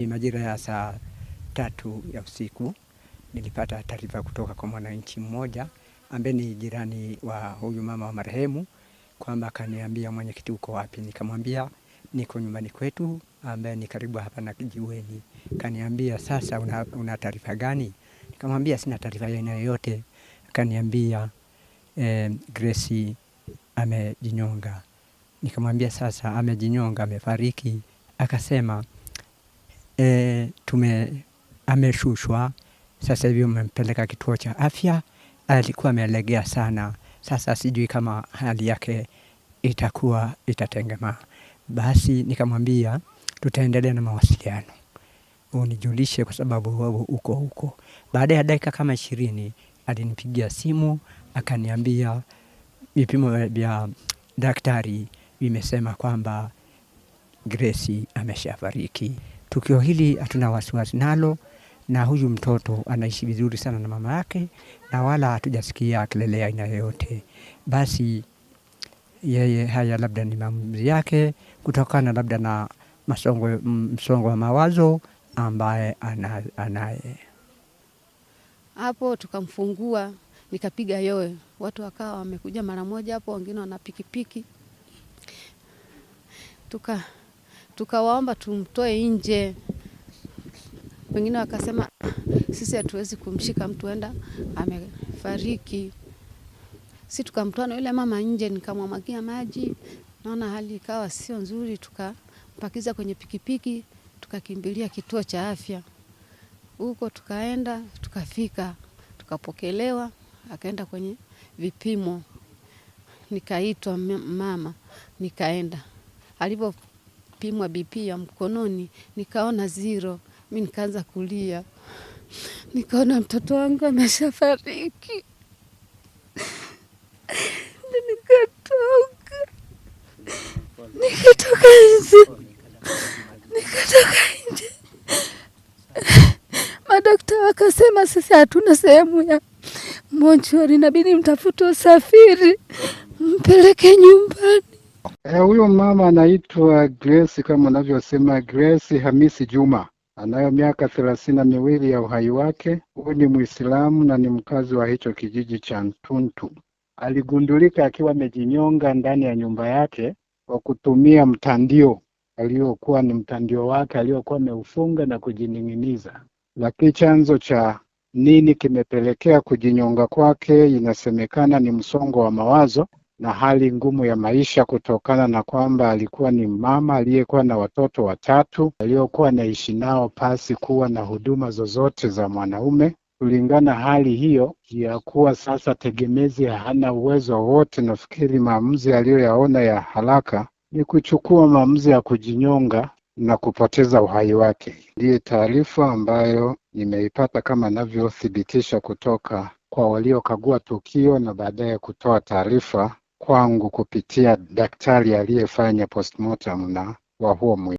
Majira ya saa tatu ya usiku nilipata taarifa kutoka kwa mwananchi mmoja ambaye ni jirani wa huyu mama wa marehemu, kwamba akaniambia, mwenyekiti, uko wapi? Nikamwambia niko nyumbani kwetu, ambaye ni karibu hapa na kijiweni. Kaniambia, sasa una, una taarifa gani? Nikamwambia sina taarifa ya aina yoyote. Kaniambia eh, Grace amejinyonga. Nikamwambia sasa amejinyonga, amefariki? Akasema e, tume ameshushwa sasa hivi, umempeleka kituo cha afya. Alikuwa amelegea sana, sasa sijui kama hali yake itakuwa itatengemaa. Basi nikamwambia tutaendelea na mawasiliano, unijulishe kwa sababu wewe uko huko. Baada ya dakika kama ishirini alinipigia simu akaniambia vipimo vya daktari vimesema kwamba Grace ameshafariki. Tukio hili hatuna wasiwasi nalo, na huyu mtoto anaishi vizuri sana na mama yake, na wala hatujasikia kelele aina yoyote. Basi yeye haya labda ni maamuzi yake kutokana labda na masongo, msongo wa mawazo ambaye anaye. Hapo tukamfungua nikapiga yowe, watu wakawa wamekuja mara moja hapo, wengine wana pikipiki tuka tukawaomba tumtoe nje. Wengine wakasema sisi hatuwezi kumshika mtu, enda amefariki. Si tukamtoa na yule mama nje, nikamwamwagia maji, naona hali ikawa sio nzuri, tukampakiza kwenye pikipiki, tukakimbilia kituo cha afya. Huko tukaenda tukafika, tukapokelewa, akaenda kwenye vipimo, nikaitwa mama, nikaenda alivyo kupimwa BP ya mkononi nikaona zero. Mi nikaanza kulia, nikaona mtoto wangu ameshafariki. Nikatoka, nikatoka nje, nikatoka nje. Madokta wakasema sisi hatuna sehemu ya mochori, inabidi mtafute usafiri mpeleke nyumbani. Eh, huyo mama anaitwa Grace kama unavyosema, Grace Hamisi Juma anayo miaka thelathini na miwili ya uhai wake. Huyu ni Mwislamu na ni mkazi wa hicho kijiji cha Ntuntu. Aligundulika akiwa amejinyonga ndani ya nyumba yake kwa kutumia mtandio aliyokuwa ni mtandio wake aliyokuwa ameufunga na kujining'iniza. Lakini chanzo cha nini kimepelekea kujinyonga kwake, inasemekana ni msongo wa mawazo na hali ngumu ya maisha kutokana na kwamba alikuwa ni mama aliyekuwa na watoto watatu aliokuwa anaishi nao pasi kuwa na huduma zozote za mwanaume. Kulingana hali hiyo ya kuwa sasa tegemezi hana uwezo wote, nafikiri maamuzi aliyoyaona ya haraka ni kuchukua maamuzi ya kujinyonga na kupoteza uhai wake. Ndiye taarifa ambayo nimeipata kama navyothibitisha kutoka kwa waliokagua tukio na baadaye kutoa taarifa kwangu kupitia daktari aliyefanya postmortem na wa huo mwili.